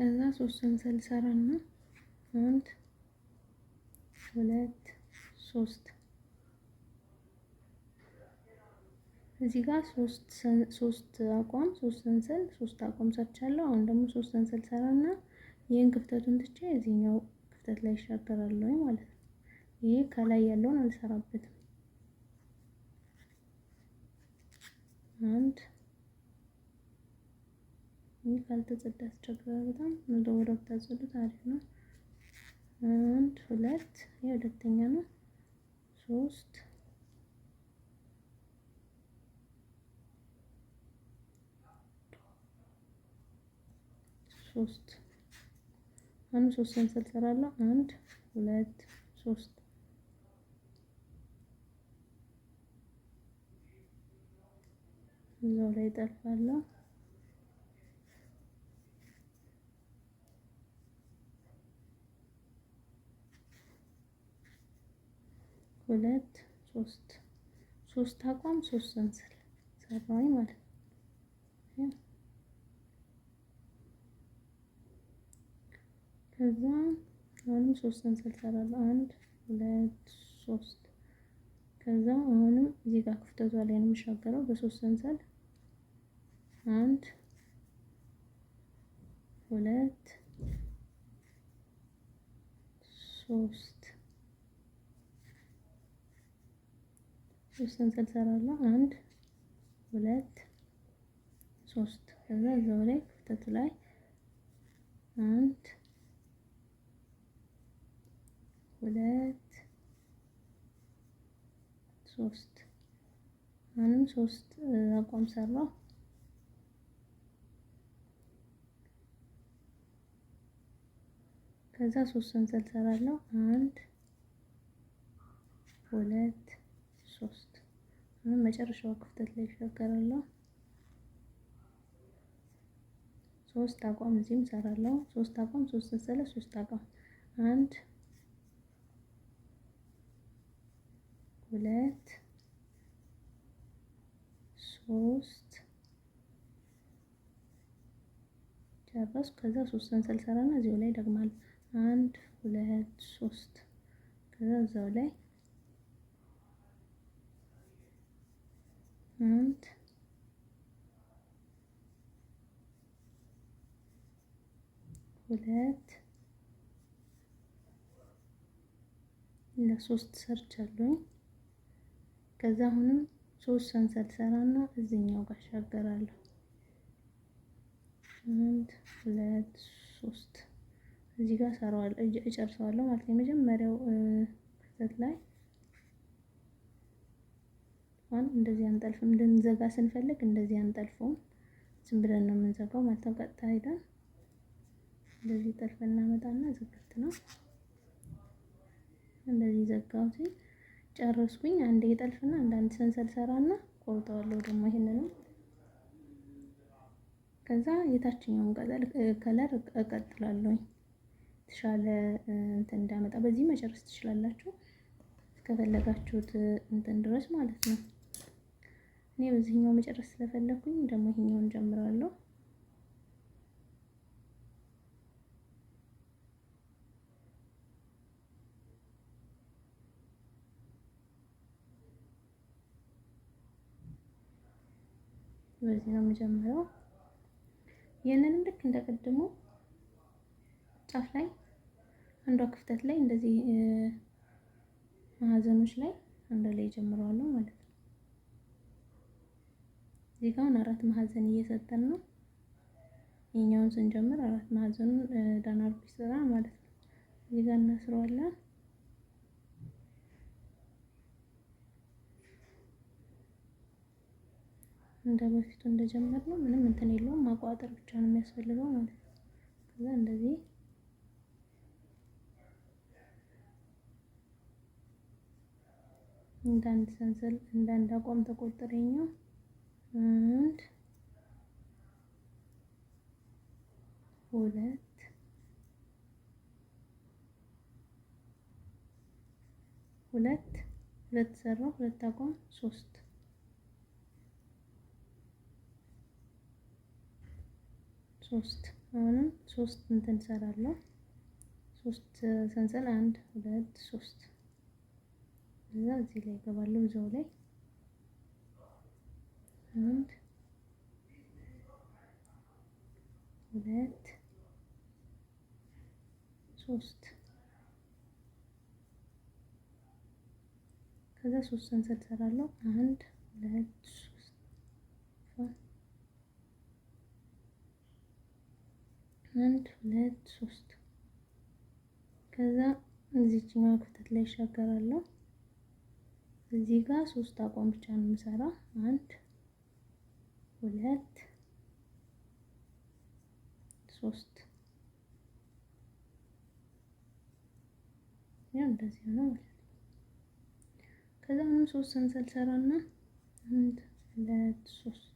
ከዛ ሶስት ሰንሰል ሰራና አንድ ሁለት ሶስት እዚህ ጋር ሶስት ሶስት አቋም ሶስት ሰንሰል ሶስት አቋም ሰርቻለሁ። አሁን ደግሞ ሶስት ሰንሰል ሰራና ይህን ክፍተቱን ትቼ እዚህኛው ክፍተት ላይ ይሻገራለሁ ማለት ነው። ይሄ ከላይ ያለውን አልሰራበትም። አንድ ይህ ካልተጸዳ ያስቸግራል በጣም ወደ ብታጸዱት አሪፍ ነው። አንድ ሁለት ይህ ሁለተኛ ነው ሶስት ሶስት አንድ ሶስት ሰንሰል ሰራለሁ። አንድ ሁለት ሶስት እዛው ላይ ጠልፋለሁ። ሁለት ሶስት ሶስት አቋም ሶስት ሰንሰል ሰራሁኝ ማለት ነው። ከዛ አሁንም ሶስት ሰንሰል ሰራለሁ። አንድ ሁለት ሶስት። ከዛ አሁንም እዚህ ጋር ክፍተቷ ላይ ነው የምሻገረው በሶስት ሰንሰል አንድ ሁለት ሶስት ሰንሰል ሰራለሁ። አንድ ሁለት ሶስት። ከዛ እዛው ላይ ክፍተቱ ላይ አንድ ሁለት ሶስት። አሁንም ሶስት አቋም ሰራው ከዛ ሶስት ሰንሰል ሰራለሁ። አንድ ሁለት ሶስት መጨረሻው ክፍተት ላይ ይሻገራለሁ። ሶስት አቋም እዚህም ሰራለሁ። ሶስት አቋም ሶስት ሰንሰለ ሶስት አቋም አንድ ሁለት ሶስት ጨረስ። ከዛ ሶስት ሰንሰል ሰራና እዚሁ ላይ ደግማለሁ። አንድ ሁለት ሶስት ከዛ እዛው ላይ und ሁለት ለሶስት ሰርቻለሁ። ከዛ አሁንም ሶስት ሰንሰል ሰራና እዚህኛው ጋር ሻገራለሁ። አንድ ሁለት ሶስት እዚህ ጋር ሰራዋለሁ እጨርሰዋለሁ ማለት ነው። የመጀመሪያው ክፍተት ላይ አሁን እንደዚህ አንጠልፍም። ልንዘጋ ስንፈልግ እንደዚህ አንጠልፈውም፣ ዝም ብለን ነው የምንዘጋው ማለት ነው። ቀጥታ ሄደን እንደዚህ ጠልፈን እናመጣና ዝግት ነው። እንደዚህ ዘጋሁት ጨረስኩኝ። አንዴ ጠልፍና አንዳንድ ሰንሰል ሰራና ቆርጠዋለሁ ደግሞ ይሄንንም ከዛ የታችኛውን ከለር እቀጥላለሁ የተሻለ እንትን እንዳመጣ። በዚህ መጨረስ ትችላላችሁ እስከፈለጋችሁት እንትን ድረስ ማለት ነው። እኔ በዚህኛው መጨረስ ስለፈለኩኝ ደግሞ ይሄኛውን ጀምራለሁ። በዚህ ነው የምጀምረው። ይህንንም ልክ እንደቀድሞ ጫፍ ላይ አንዷ ክፍተት ላይ እንደዚህ ማዕዘኖች ላይ አንድ ላይ ጀምረዋለሁ ማለት ነው። እዚህ ጋር አራት ማዕዘን እየሰጠን ነው። የኛውን ስንጀምር አራት ማዕዘኑን ዳናር ይሰራ ማለት ነው። እዚህ ጋር እናስረዋለን። እንደ በፊቱ እንደጀመር ነው። ምንም እንትን የለውም። ማቋጠር ብቻ ነው የሚያስፈልገው ማለት ነው። ከዛ እንደዚህ እንዳንድ ሰንሰል እንዳንድ አቋም ተቆጠረኛው አንድ ሁለት ሁለት ሁለት ሰራው ሁለት አቋም ሶስት ሶስት አሁንም ሶስት እንትን ሰራለሁ ሶስት ሰንሰል አንድ ሁለት ሶስት እዛ እዚህ ላይ ይገባሉ እዛው ላይ አንድ ሁለት ሶስት ከዛ ሶስት ሰንሰል ሰራለሁ። አንድ ሁለት ሶስት አንድ ሁለት ሶስት ከዛ እዚህኛው ክፍተት ላይ ይሻገራለሁ። እዚህ ጋር ሶስት አቋም ብቻ ነው የምሰራ አንድ ሁለት ሶስት ያው እንደዚህ ነው ማለት ከዛ አሁንም ሶስት ሰንሰል ሰራና አንድ ሁለት ሶስት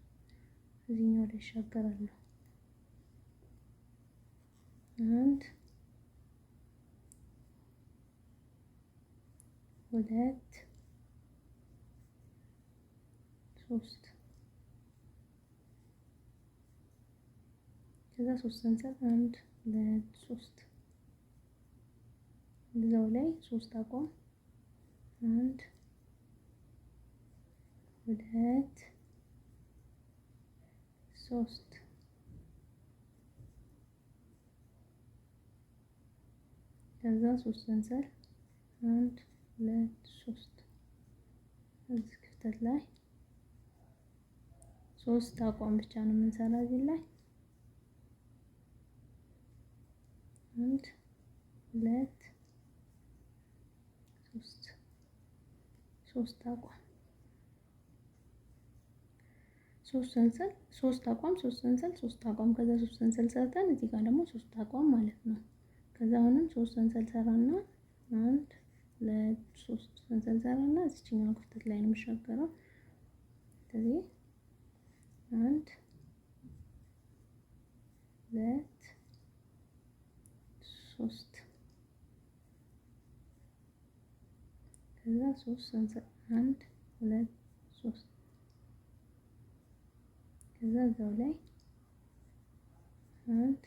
እዚህኛው ላይ ይሻገራለሁ። አንድ ሁለት ሶስት ከዛ ሶስት ሰንሰል አንድ ሁለት ሶስት እዛው ላይ ሶስት አቋም አንድ ሁለት ሶስት ከዛ ሶስት ሰንሰል አንድ ሁለት ሶስት እዚህ ክፍተት ላይ ሶስት አቋም ብቻ ነው የምንሰራ እዚህ ላይ አንድ ሁለት ሶስት ሶስት አቋም ሶስት ሰንሰል ሶስት አቋም ሶስት ሰንሰል ሶስት አቋም ከዛ ሶስት ሰንሰል ሰርተን እዚህ ጋር ደግሞ ሶስት አቋም ማለት ነው። ከዛ አሁንም ሶስት ሰንሰል ሰራና አንድ ሁለት ሶስት ሰንሰል ሰራና እዚችኛው ክፍተት ላይ ነው የምሻገረው። ስለዚህ አንድ ሁለት ሶስት ከዛ ሶስት አንድ ሁለት ሶስት ከዛ እዛው ላይ አንድ